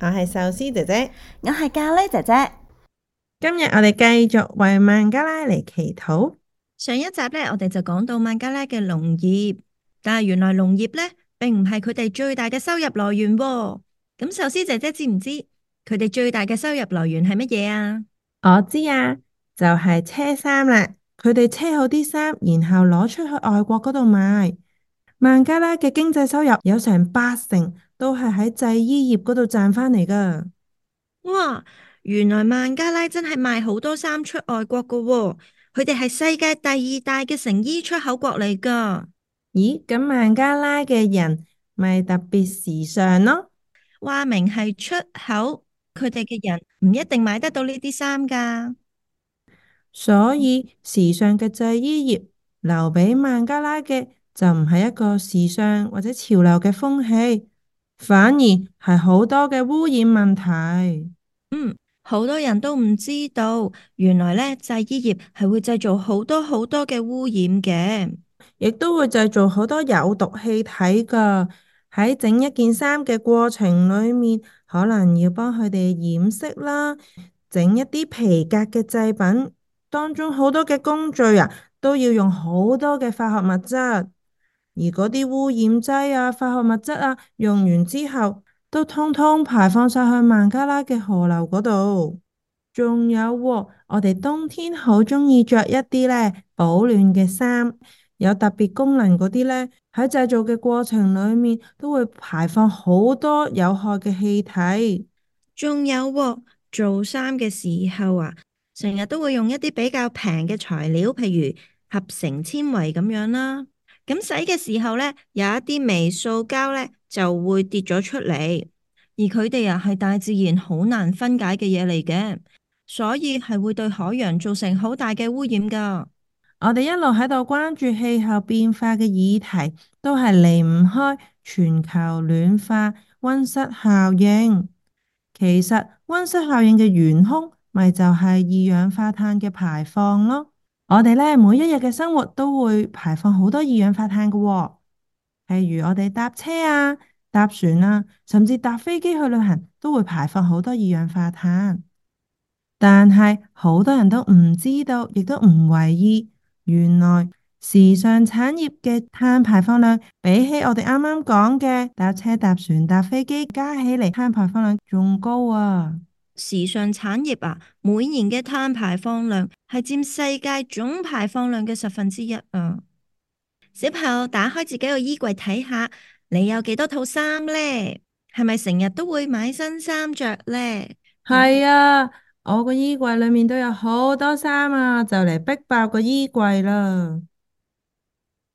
我係壽司姐姐，我係咖喱姐姐。今日我哋繼續為孟加拉嚟祈禱。上一集呢，我哋就講到孟加拉嘅農業，但係原來農業呢並唔係佢哋最大嘅收入來源喎。咁壽司姐姐，姐知唔知佢哋最大嘅收入來源係乜嘢啊？我知啊，就係、是、車衫啦。佢哋車好啲衫，然後攞出去外國嗰度賣。孟加拉嘅經濟收入有成八成。都係喺製衣業嗰度賺翻嚟噶。哇，原來孟加拉真係賣好多衫出外國噶喎，佢哋係世界第二大嘅成衣出口國嚟噶。咦，咁孟加拉嘅人咪、就是、特別時尚咯？話明係出口，佢哋嘅人唔一定買得到呢啲衫噶。所以時尚嘅製衣業留俾孟加拉嘅就唔係一個時尚或者潮流嘅風氣。反而係好多嘅污染問題。嗯，好多人都唔知道，原來咧，製衣業係會製造好多好多嘅污染嘅，亦都會製造好多有毒氣體㗎。喺整一件衫嘅過程裏面，可能要幫佢哋染色啦，整一啲皮革嘅製品當中，好多嘅工序啊，都要用好多嘅化學物質。而嗰啲污染劑啊、化學物質啊，用完之後都通通排放晒去孟加拉嘅河流嗰度。仲有喎，我哋冬天好鍾意着一啲咧保暖嘅衫，有特別功能嗰啲咧，喺製造嘅過程裏面都會排放好多有害嘅氣體。仲有喎，做衫嘅時候啊，成日都會用一啲比較平嘅材料，譬如合成纖維咁樣啦。咁洗嘅時候呢，有一啲微塑膠呢就會跌咗出嚟，而佢哋又係大自然好難分解嘅嘢嚟嘅，所以係會對海洋造成好大嘅污染噶。我哋一路喺度關注氣候變化嘅議題，都係離唔開全球暖化溫室效應。其實溫室效應嘅元凶咪就係二氧化碳嘅排放咯。我哋咧每一日嘅生活都會排放好多二氧化碳㗎、喎，例如我哋搭車啊、搭船啊，甚至搭飛機去旅行，都會排放好多二氧化碳。但係好多人都唔知道，亦都唔為意，原來時尚產業嘅碳排放量比起我哋啱啱講嘅搭車、搭船、搭飛機加起嚟碳排放量仲高啊！時尚產業啊，每年嘅碳排放量係佔世界總排放量嘅十分之一啊！小朋友，打開自己衣櫃，看看個衣櫃睇下，你有幾多套衫咧？係咪成日都會買新衫着咧？係啊，我個衣櫃裏面都有好多衫啊，就嚟逼爆個衣櫃啦！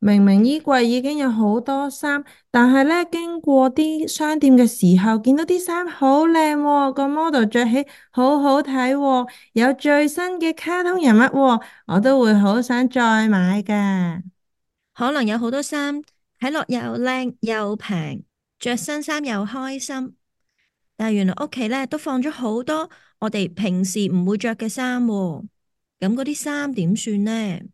明明衣櫃已經有好多衫，但係咧經過啲商店嘅時候，見到啲衫好靚喎，個 model 着起好好睇，有最新嘅卡通人物喎，我都會好想再買噶可能有好多衫睇落又靚又平，着新衫又開心，但係原來屋企咧都放咗好多我哋平時唔會着嘅衫，咁嗰啲衫點算咧？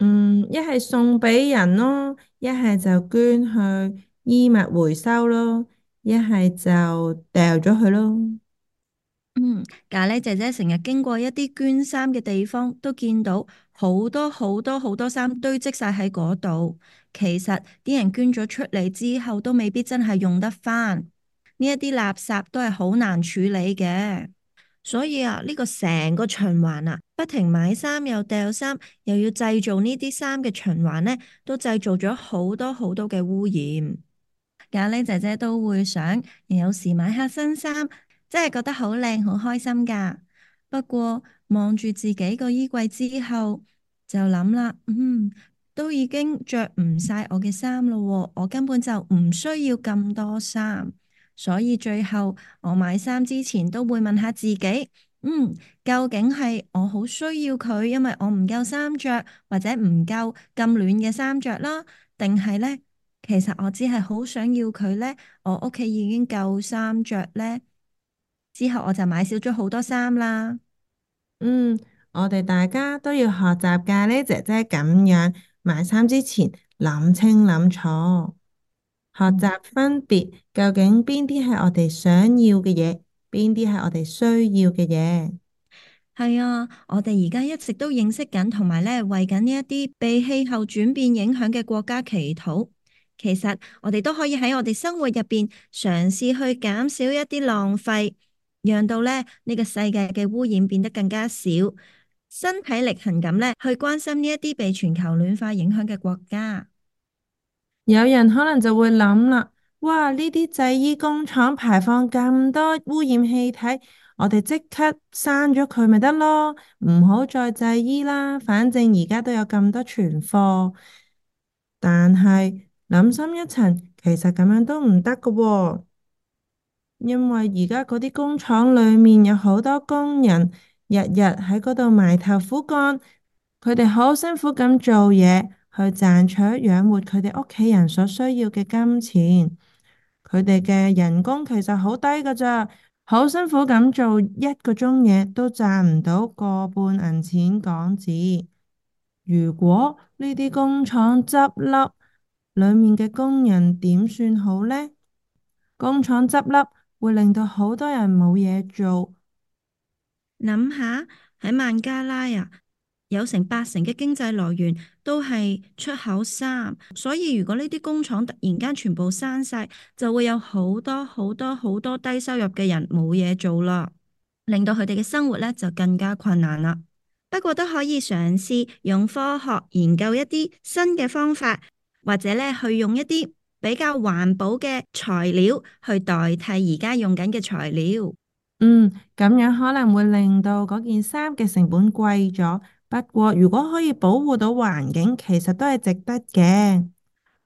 嗯，一係送俾人咯，一係就捐去衣物回收咯，一係就掉咗去咯。嗯，咖喱姐姐成日經過一啲捐衫嘅地方，都見到好多好多好多衫堆積晒喺嗰度。其實啲人捐咗出嚟之後，都未必真係用得翻。呢一啲垃圾都係好難處理嘅。所以啊，呢個成個循環啊，不停買衫又掉衫，又要製造呢啲衫嘅循環呢，都製造咗好多好多嘅污染。咖喱姐姐都會想，有時買下新衫，真係覺得好靚、好開心噶。不過望住自己個衣櫃之後，就諗啦，嗯，都已經着唔晒我嘅衫咯，我根本就唔需要咁多衫。所以最後我買衫之前都會問下自己，嗯，究竟係我好需要佢，因為我唔夠衫着，或者唔夠咁暖嘅衫着啦，定係咧，其實我只係好想要佢咧，我屋企已經夠衫着咧。之後我就買少咗好多衫啦。嗯，我哋大家都要學習咖喱姐姐咁樣買衫之前諗清諗楚。學習分別究竟邊啲係我哋想要嘅嘢，邊啲係我哋需要嘅嘢？係啊，我哋而家一直都認識緊，同埋咧為緊呢一啲被氣候轉變影響嘅國家祈禱。其實我哋都可以喺我哋生活入邊嘗試去減少一啲浪費，讓到咧呢個世界嘅污染變得更加少，身體力行咁咧去關心呢一啲被全球暖化影響嘅國家。有人可能就會諗啦，哇！呢啲製衣工廠排放咁多污染氣體，我哋即刻刪咗佢咪得咯，唔好再製衣啦，反正而家都有咁多存貨。但係諗深一層，其實咁樣都唔得㗎喎，因為而家嗰啲工廠裏面有好多工人，日日喺嗰度埋頭苦幹，佢哋好辛苦咁做嘢。去賺取養活佢哋屋企人所需要嘅金錢，佢哋嘅人工其實好低㗎咋，好辛苦咁做一個鐘嘢都賺唔到個半銀錢港紙。如果呢啲工廠執笠，裡面嘅工人點算好呢？工廠執笠會令到好多人冇嘢做。諗下喺孟加拉啊！有成八成嘅經濟來源都係出口衫，所以如果呢啲工廠突然間全部閂晒，就會有好多好多好多低收入嘅人冇嘢做啦，令到佢哋嘅生活咧就更加困難啦。不過都可以嘗試用科學研究一啲新嘅方法，或者咧去用一啲比較環保嘅材料去代替而家用緊嘅材料。嗯，咁樣可能會令到嗰件衫嘅成本貴咗。不過，如果可以保護到環境，其實都係值得嘅。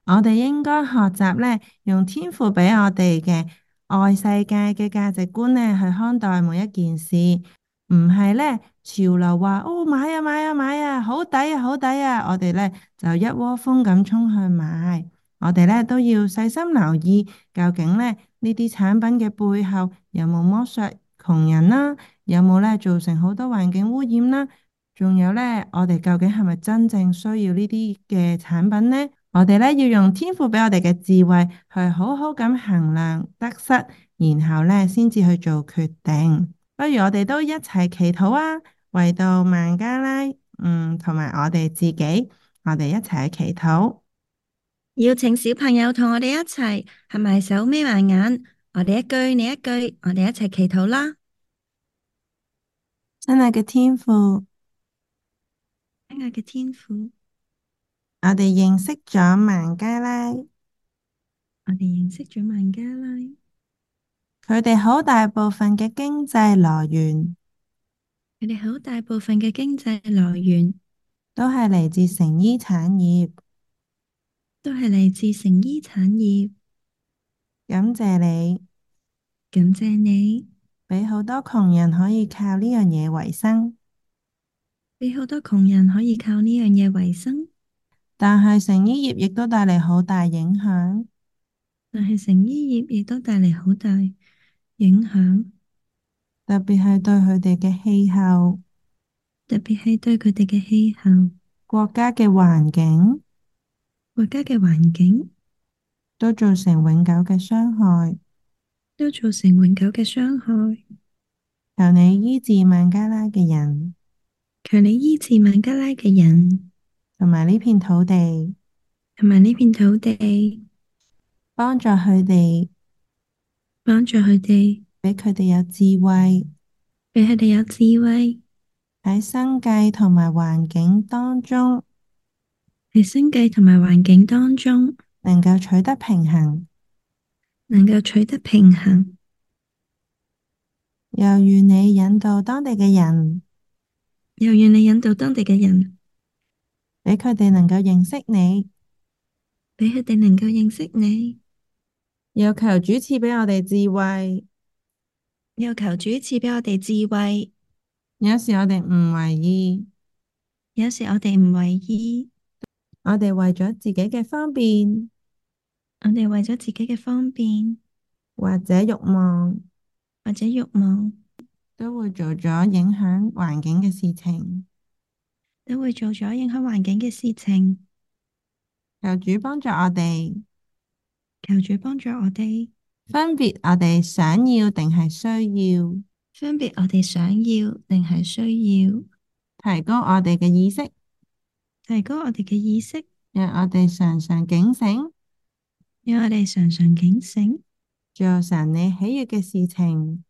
我哋應該學習咧，用天賦畀我哋嘅愛世界嘅價值觀咧，去看待每一件事，唔係咧潮流話哦，買啊買啊買啊，買啊，好抵啊好抵啊！我哋咧就一窩蜂咁衝去買，我哋咧都要細心留意，究竟咧呢啲產品嘅背後有冇剝削窮人啦、啊，有冇咧造成好多環境污染啦、啊？仲有咧，我哋究竟係咪真正需要呢啲嘅產品咧？我哋咧要用天父畀我哋嘅智慧，去好好咁衡量得失，然後咧先至去做決定。不如我哋都一齊祈禱啊，為到孟加拉，嗯，同埋我哋自己，我哋一齊祈禱。要請小朋友同我哋一齊合埋手，眯埋眼，我哋一句，你一句，我哋一齊祈禱啦。真係嘅天賦。嘅天父，我哋認識咗孟加拉，我哋認識咗孟加拉，佢哋好大部分嘅經濟來源，佢哋好大部分嘅經濟來源都係嚟自成衣產業，都係嚟自成衣產業。感謝你，感謝你，俾好多窮人可以靠呢樣嘢為生，俾好多窮人可以靠呢樣嘢為生，但係成衣業亦都帶嚟好大影響。但係成衣業亦都帶嚟好大影響，特別係對佢哋嘅氣候，特別係對佢哋嘅氣候，國家嘅環境，國家嘅環境都造成永久嘅傷害，都造成永久嘅傷害。由你醫治孟加拉嘅人。求你醫治孟加拉嘅人，同埋呢片土地，同埋呢片土地，幫助佢哋，幫助佢哋，畀佢哋有智慧，畀佢哋有智慧，喺生計同埋環境當中，喺生計同埋環境當中，能夠取得平衡，能夠取得平衡，又願你引導當地嘅人。又願你引導當地嘅人，畀佢哋能夠認識你，畀佢哋能夠認識你。又求主賜畀我哋智慧，又求主賜畀我哋智慧。有時我哋唔為意，有時我哋唔為意，我哋為咗自己嘅方便，我哋為咗自己嘅方便，或者欲望，或者欲望。都會做咗影響環境嘅事情，都會做咗影響環境嘅事情。求主幫助我哋，求主幫助我哋。分別我哋想要定係需要，分別我哋想要定係需要，提高我哋嘅意識，提高我哋嘅意識，讓我哋常常警醒，讓我哋常常警醒，做成你喜悅嘅事情。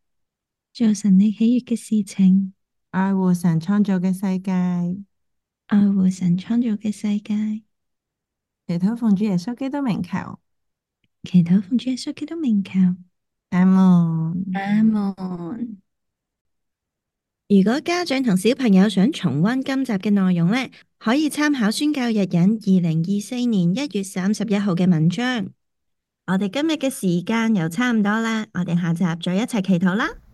做神你喜悅嘅事情，愛護神創造嘅世界，愛護神創造嘅世界。祈禱奉主耶穌基督名求，祈禱奉主耶穌基督名求。阿門，阿門。如果家長同小朋友想重溫今集嘅內容咧，可以參考宣教日引二零二四年一月三十一號嘅文章。我哋今日嘅時間又差唔多啦，我哋下集再一齊祈禱啦。